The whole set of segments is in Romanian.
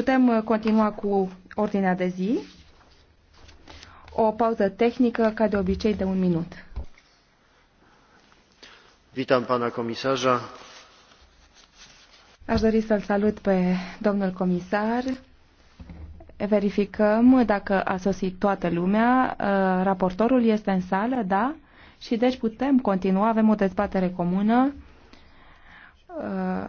Putem uh, continua cu ordinea de zi. O pauză tehnică, ca de obicei, de un minut. Vitam pana comisarza. Aș dori să-l salut pe domnul comisar. Verificăm dacă a sosit toată lumea. Uh, raportorul este în sală, da? Și deci putem continua, avem o dezbatere comună uh,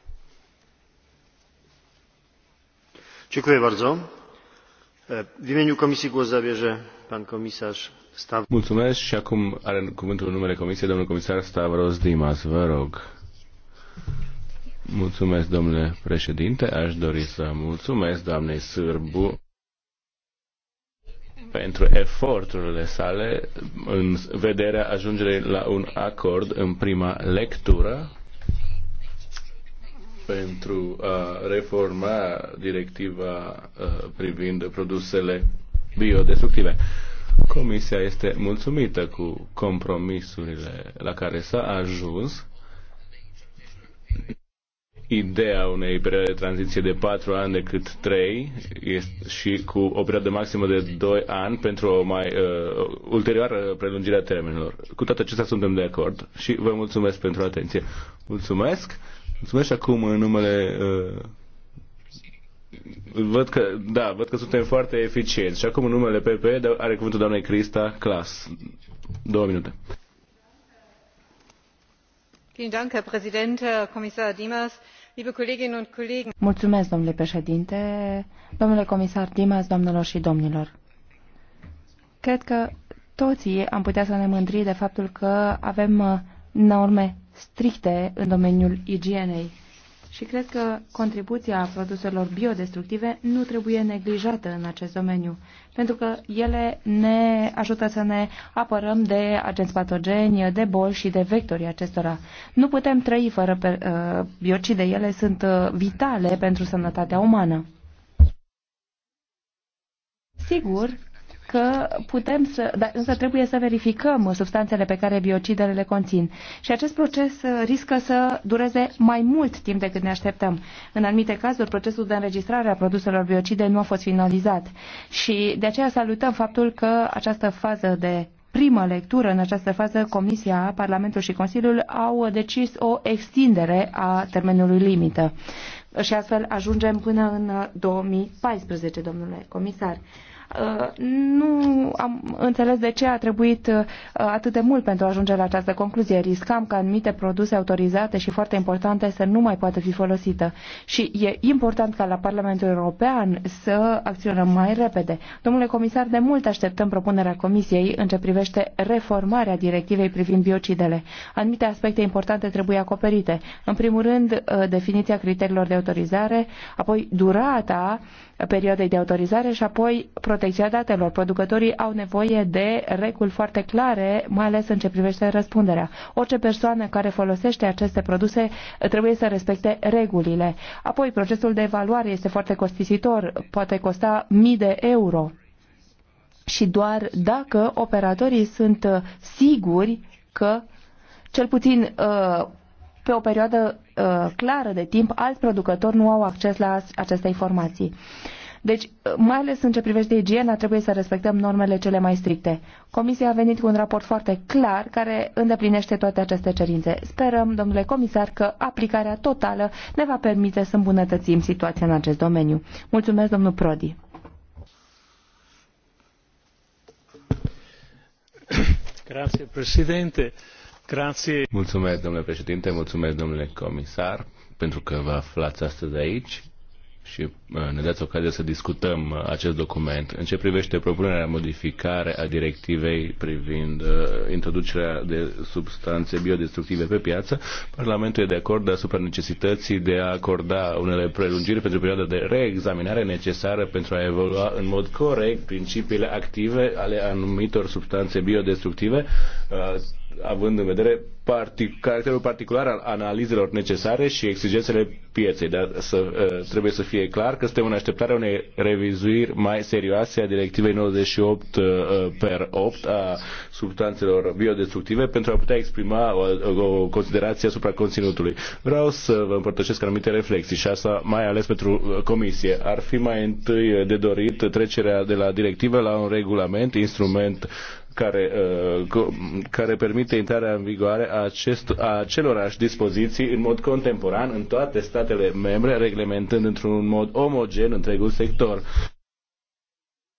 Mulțumesc și acum are cuvântul în numele Comisiei domnul comisar Stavros Dimas. Vă rog. Mulțumesc, domnule președinte. Aș dori să mulțumesc doamnei Sârbu pentru eforturile sale în vederea ajungerii la un acord în prima lectură pentru a reforma directiva uh, privind produsele biodestructive. Comisia este mulțumită cu compromisurile la care s-a ajuns. Ideea unei perioade de tranziție de 4 ani decât 3 și cu o perioadă maximă de 2 ani pentru o mai uh, ulterioară prelungire a termenilor. Cu toate acestea suntem de acord și vă mulțumesc pentru atenție. Mulțumesc! Mulțumesc acum în numele uh, Văd că, da, văd că suntem foarte eficienți. Și acum în numele PP are cuvântul doamnei Crista Clas. Două minute. Mulțumesc, domnule președinte, domnule comisar Dimas, domnilor și domnilor. Cred că toții am putea să ne mândri de faptul că avem uh, norme stricte în domeniul igienei. Și cred că contribuția produselor biodestructive nu trebuie neglijată în acest domeniu, pentru că ele ne ajută să ne apărăm de agenți patogeni, de boli și de vectorii acestora. Nu putem trăi fără uh, biocide, ele sunt uh, vitale pentru sănătatea umană. Sigur că putem să, dar însă trebuie să verificăm substanțele pe care biocidele le conțin. Și acest proces uh, riscă să dureze mai mult timp decât ne așteptăm. În anumite cazuri, procesul de înregistrare a produselor biocide nu a fost finalizat. Și de aceea salutăm faptul că această fază de primă lectură, în această fază, Comisia, Parlamentul și Consiliul au decis o extindere a termenului limită. Și astfel ajungem până în 2014, uh, domnule comisar. Nu am înțeles de ce a trebuit uh, atât de mult pentru a ajunge la această concluzie. Riscam ca anumite produse autorizate și foarte importante să nu mai poată fi folosită. Și e important ca la Parlamentul European să acționăm mai repede. Domnule comisar, de mult așteptăm propunerea Comisiei în ce privește reformarea directivei privind biocidele. Anumite aspecte importante trebuie acoperite. În primul rând, uh, definiția criteriilor de autorizare, apoi durata perioadei de autorizare și apoi protecția datelor. Producătorii au nevoie de reguli foarte clare, mai ales în ce privește răspunderea. Orice persoană care folosește aceste produse trebuie să respecte regulile. Apoi, procesul de evaluare este foarte costisitor, poate costa mii de euro. Și doar dacă operatorii sunt uh, siguri că cel puțin uh, pe o perioadă uh, clară de timp, alți producători nu au acces la aceste informații. Deci, uh, mai ales în ce privește igiena, trebuie să respectăm normele cele mai stricte. Comisia a venit cu un raport foarte clar care îndeplinește toate aceste cerințe. Sperăm, domnule comisar, că aplicarea totală ne va permite să îmbunătățim situația în acest domeniu. Mulțumesc, domnul Prodi. Grazie, președinte. Grazie. Mulțumesc, domnule președinte, mulțumesc, domnule comisar, pentru că vă aflați astăzi aici și uh, ne dați ocazia să discutăm uh, acest document. În ce privește propunerea modificare a directivei privind uh, introducerea de substanțe biodestructive pe piață, Parlamentul e de acord asupra necesității de a acorda unele prelungiri pentru perioada de reexaminare necesară pentru a evolua în mod corect principiile active ale anumitor substanțe biodestructive, uh, având în vedere partic- caracterul particular al analizelor necesare și exigențele pieței, dar să, uh, trebuie să fie clar că suntem în așteptarea unei revizuiri mai serioase a directivei 98 uh, ă, ă, per 8 a substanțelor biodestructive pentru a putea exprima o, o considerație asupra conținutului. Vreau să vă împărtășesc anumite reflexii și asta mai ales pentru comisie. Ar fi mai întâi de dorit trecerea de la directivă la un regulament, instrument care, uh, care permite intrarea în vigoare a, acest, a acelorași dispoziții în mod contemporan în toate statele membre, reglementând într-un mod omogen întregul sector.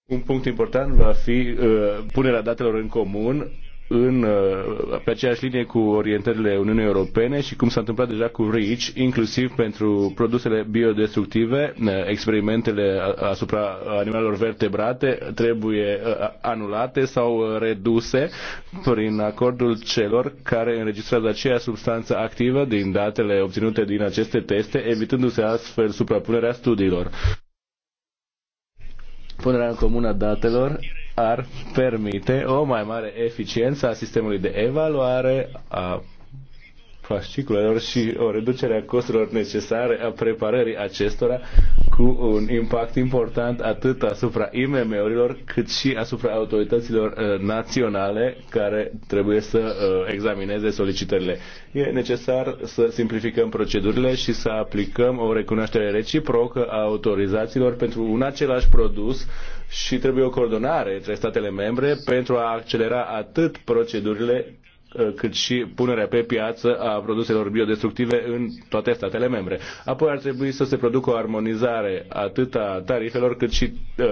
Un punct important va fi uh, punerea datelor în comun în, uh, pe aceeași linie cu orientările Uniunii Europene și cum s-a întâmplat deja cu REACH, inclusiv pentru produsele biodestructive, uh, experimentele asupra animalelor vertebrate trebuie uh, anulate sau reduse prin acordul celor care înregistrează aceea substanță activă din datele obținute din aceste teste, evitându-se astfel suprapunerea studiilor. Punerea în comună a datelor ar permite o mai mare eficiență a sistemului de evaluare a fasciculelor și o reducere a costurilor necesare a preparării acestora cu un impact important atât asupra IMM-urilor cât și asupra autorităților uh, naționale care trebuie să uh, examineze solicitările. E necesar să simplificăm procedurile și să aplicăm o recunoaștere reciprocă a autorizațiilor pentru un același produs și trebuie o coordonare între statele membre pentru a accelera atât procedurile Eh, cât și punerea pe piață a produselor biodestructive în toate statele membre. Apoi ar trebui să se producă o armonizare atât a tarifelor cât și uh,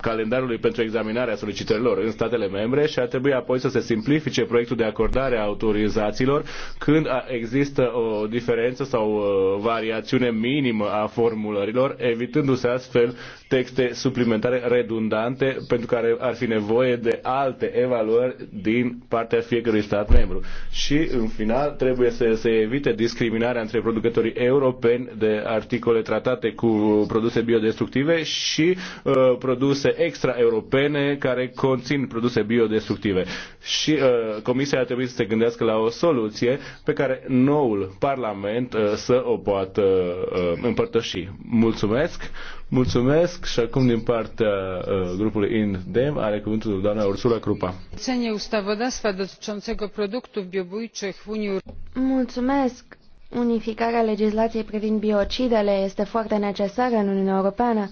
calendarului pentru examinarea solicitărilor în statele membre și ar trebui apoi să se simplifice proiectul de acordare a autorizațiilor când există o diferență sau o eh, variațiune minimă a formulărilor, evitându-se astfel texte suplimentare redundante pentru care ar fi nevoie de alte evaluări din partea fiecărui stat membru. Și, în final, trebuie să se evite discriminarea între producătorii europeni de articole tratate cu produse biodestructive și uh, produse extraeuropene care conțin produse biodestructive. Și uh, Comisia ar trebui să se gândească la o soluție pe care noul Parlament uh, să o poată uh, împărtăși. Mulțumesc! Mulțumesc și acum din partea uh, grupului INDEM are cuvântul doamna Ursula Krupa. Mulțumesc! Unificarea legislației privind biocidele este foarte necesară în Uniunea Europeană,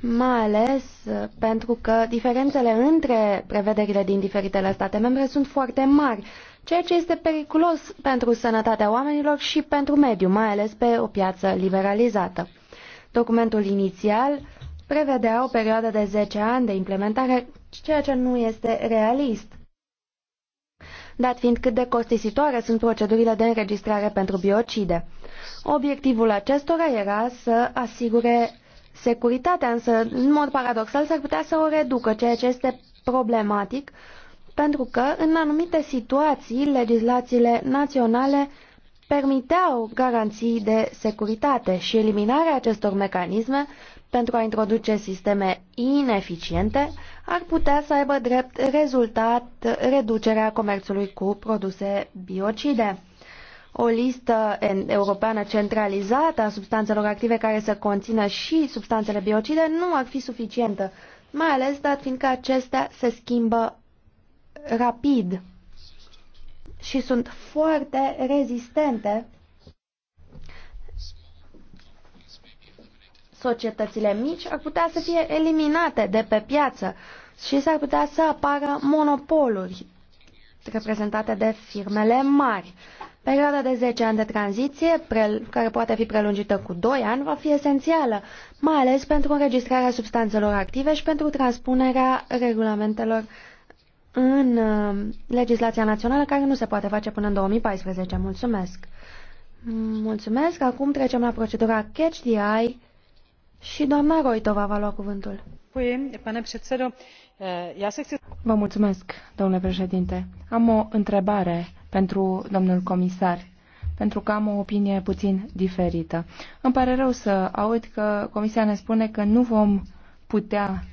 mai ales uh, pentru că diferențele între prevederile din diferitele state membre sunt foarte mari, ceea ce este periculos pentru sănătatea oamenilor și pentru mediu, mai ales pe o piață liberalizată. Documentul inițial prevedea o perioadă de 10 ani de implementare, ceea ce nu este realist. Dat fiind cât de costisitoare sunt procedurile de înregistrare pentru biocide. Obiectivul acestora era să asigure securitatea, însă, în mod paradoxal, s-ar putea să o reducă, ceea ce este problematic, pentru că, în anumite situații, legislațiile naționale permiteau garanții de securitate și eliminarea acestor mecanisme pentru a introduce sisteme ineficiente ar putea să aibă drept rezultat reducerea comerțului cu produse biocide. O listă europeană centralizată a substanțelor active care să conțină și substanțele biocide nu ar fi suficientă, mai ales dat fiindcă acestea se schimbă rapid și sunt foarte rezistente societățile mici ar putea să fie eliminate de pe piață și s-ar putea să apară monopoluri reprezentate de firmele mari. Perioada de 10 ani de tranziție, care poate fi prelungită cu 2 ani, va fi esențială, mai ales pentru înregistrarea substanțelor active și pentru transpunerea regulamentelor în uh, legislația națională care nu se poate face până în 2014. Mulțumesc! Mulțumesc! Acum trecem la procedura Catch the Eye și doamna Roitova va lua cuvântul. Păi, eh, Vă mulțumesc, domnule președinte. Am o întrebare pentru domnul comisar pentru că am o opinie puțin diferită. Îmi pare rău să aud că Comisia ne spune că nu vom putea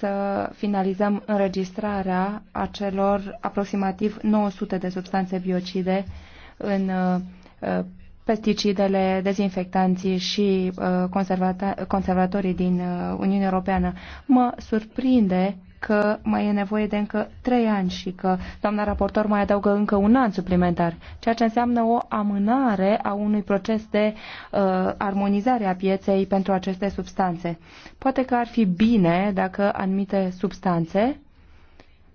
să finalizăm înregistrarea acelor aproximativ 900 de substanțe biocide în uh, uh, pesticidele, dezinfectanții și uh, conservatorii din Uniunea Europeană. Mă surprinde că mai e nevoie de încă trei ani și că doamna raportor mai adaugă încă un an suplimentar, ceea ce înseamnă o amânare a unui proces de uh, armonizare a pieței pentru aceste substanțe. Poate că ar fi bine dacă anumite substanțe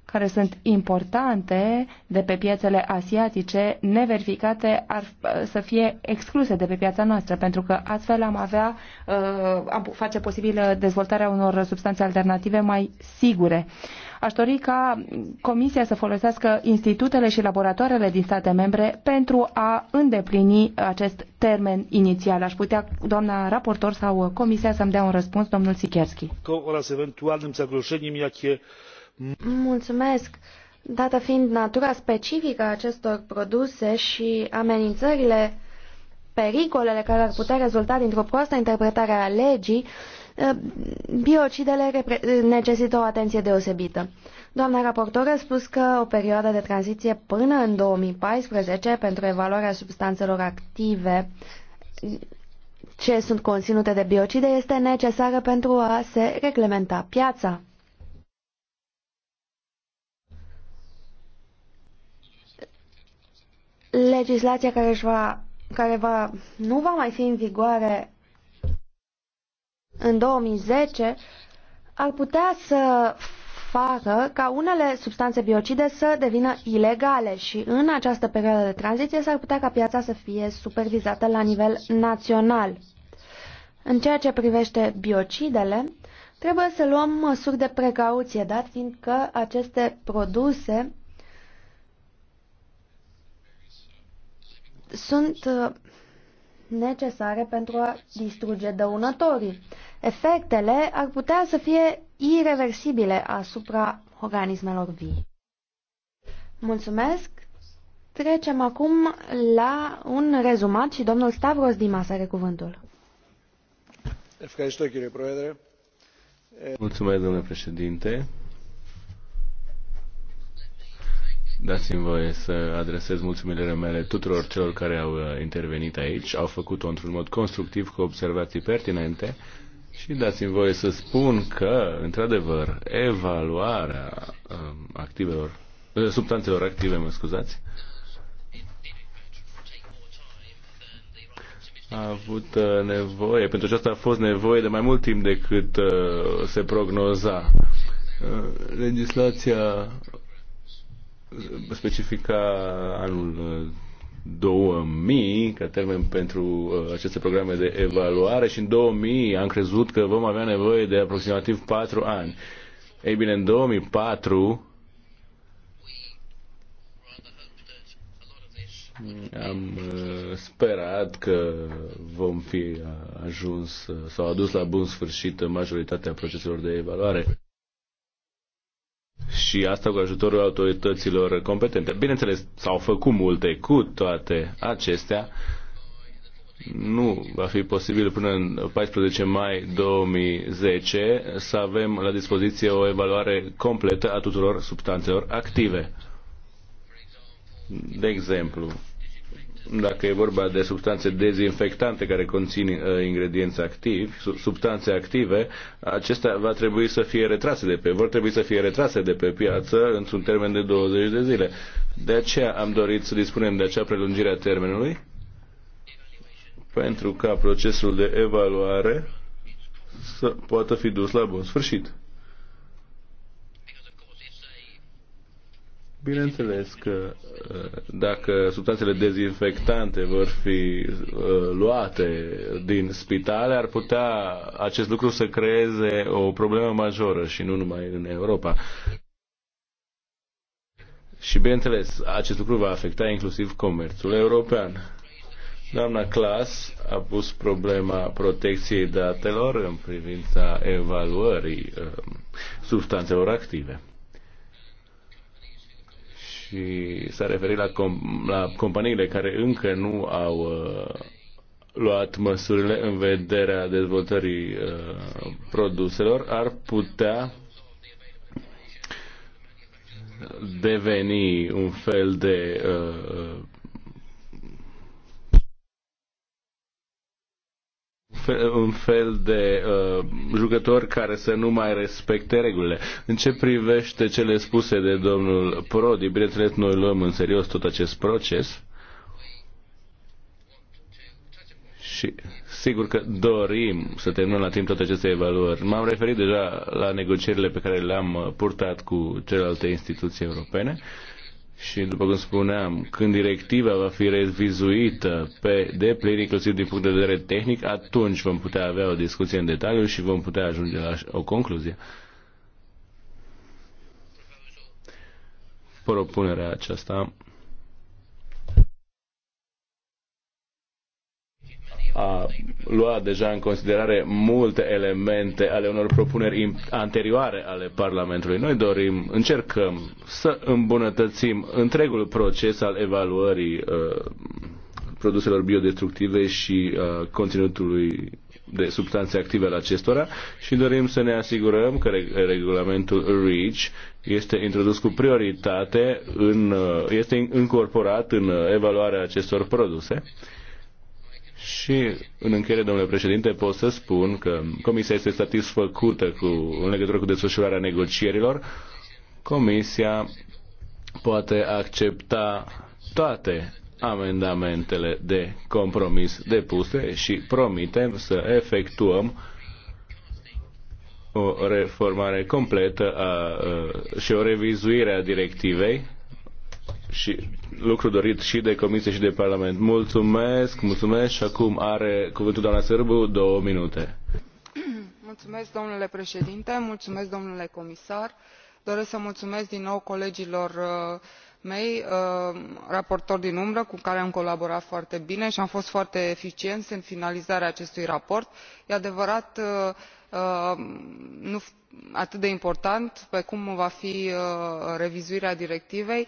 care sunt importante de pe piețele asiatice, neverificate, ar să fie excluse de pe piața noastră, pentru că astfel am avea, uh, am face posibilă dezvoltarea unor substanțe alternative mai sigure. Aș dori ca Comisia să folosească institutele și laboratoarele din state membre pentru a îndeplini acest termen inițial. Aș putea, doamna raportor sau Comisia, să-mi dea un răspuns, domnul Sikerski. Oraz ewentualnym zagrożeniem, jakie Mulțumesc! Dată fiind natura specifică a acestor produse și amenințările, pericolele care ar putea rezulta dintr-o proastă interpretare a legii, eh, biocidele necesită o atenție deosebită. Doamna raportor a spus că o perioadă de tranziție până în 2014 pentru evaluarea substanțelor active ce sunt conținute de biocide este necesară pentru a se reglementa piața. legislația care, își va, care va, nu va mai fi în vigoare în 2010 ar putea să facă ca unele substanțe biocide să devină ilegale și în această perioadă de tranziție s-ar putea ca piața să fie supervizată la nivel național. În ceea ce privește biocidele, trebuie să luăm măsuri de precauție, dat fiind că aceste produse sunt uh, necesare pentru a distruge dăunătorii. Efectele ar putea să fie irreversibile asupra organismelor vii. Mulțumesc! Trecem acum la un rezumat și domnul Stavros Dimas are cuvântul. Mulțumesc, domnule președinte. Dați-mi voie să adresez mulțumirile mele tuturor celor care au uh, intervenit aici, au făcut-o într-un mod constructiv cu observații pertinente și dați-mi voie să spun că, într-adevăr, evaluarea um, activelor, uh, substanțelor active, mă scuzați, a avut uh, nevoie, pentru aceasta a fost nevoie de mai mult timp decât se prognoza. Legislația specifica anul 2000 uh, ca termen pentru uh, aceste programe de evaluare și în 2000 am crezut că vom avea nevoie de aproximativ 4 ani. Ei bine, în 2004 am uh, sperat că vom fi ajuns sau adus la bun sfârșit majoritatea proceselor de evaluare și asta cu ajutorul autorităților competente. Bineînțeles, s-au făcut multe cu toate acestea. Nu va fi posibil până în 14 mai 2010 să avem la dispoziție o evaluare completă a tuturor substanțelor active. De exemplu, dacă e vorba de substanțe dezinfectante care conțin uh, ingredienți activi, substanțe active, acestea va trebui să fie retrase de pe, vor trebui să fie retrase de pe piață într-un termen de 20 de zile. De aceea am dorit să dispunem de acea prelungire a termenului pentru ca procesul de evaluare să poată fi dus la bun sfârșit. Bineînțeles că uh, dacă substanțele dezinfectante vor fi uh, luate din spitale, ar putea acest lucru să creeze o problemă majoră și nu numai în Europa. Și bineînțeles, acest lucru va afecta inclusiv comerțul european. Doamna Clas a pus problema protecției datelor în privința evaluării uh, substanțelor active și s-a referit la, com- la companiile care încă nu au uh, luat măsurile în vederea dezvoltării uh, produselor, ar putea deveni un fel de uh, fel, un fel de uh, jucători care să nu mai respecte regulile. În ce privește cele spuse de domnul Prodi, bineînțeles noi luăm în serios tot acest proces și sigur că dorim să terminăm la timp toate aceste evaluări. M-am referit deja la negocierile pe care le-am uh, purtat cu celelalte instituții europene. Uh, și, după cum spuneam, când directiva va fi revizuită pe deplin, inclusiv din punct de vedere tehnic, atunci vom putea avea o discuție în detaliu și vom putea ajunge la o concluzie. Propunerea aceasta a luat deja în considerare multe elemente ale unor propuneri anterioare ale Parlamentului. Noi dorim, încercăm să îmbunătățim întregul proces al evaluării uh, produselor biodestructive și uh, conținutului de substanțe active ale acestora și dorim să ne asigurăm că regulamentul REACH este introdus cu prioritate, în, uh, este incorporat în evaluarea acestor produse și în încheiere, domnule președinte, pot să spun că Comisia este satisfăcută cu, în legătură cu desfășurarea negocierilor. Comisia poate accepta toate amendamentele de compromis depuse și promitem să efectuăm o reformare completă a, și o revizuire a directivei și lucru dorit și de Comisie și de Parlament. Mulțumesc, mulțumesc și acum are cuvântul doamna Sârbu două minute. Mulțumesc, domnule președinte, mulțumesc, domnule comisar. Doresc să mulțumesc din nou colegilor uh, mei, uh, raportor din umbră, cu care am colaborat foarte bine și am fost foarte eficienți în finalizarea acestui raport. E adevărat, uh, nu atât de important pe cum va fi revizuirea directivei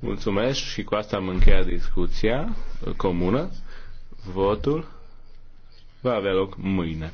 Mulțumesc și cu asta am încheiat discuția comună. Votul va avea loc mâine.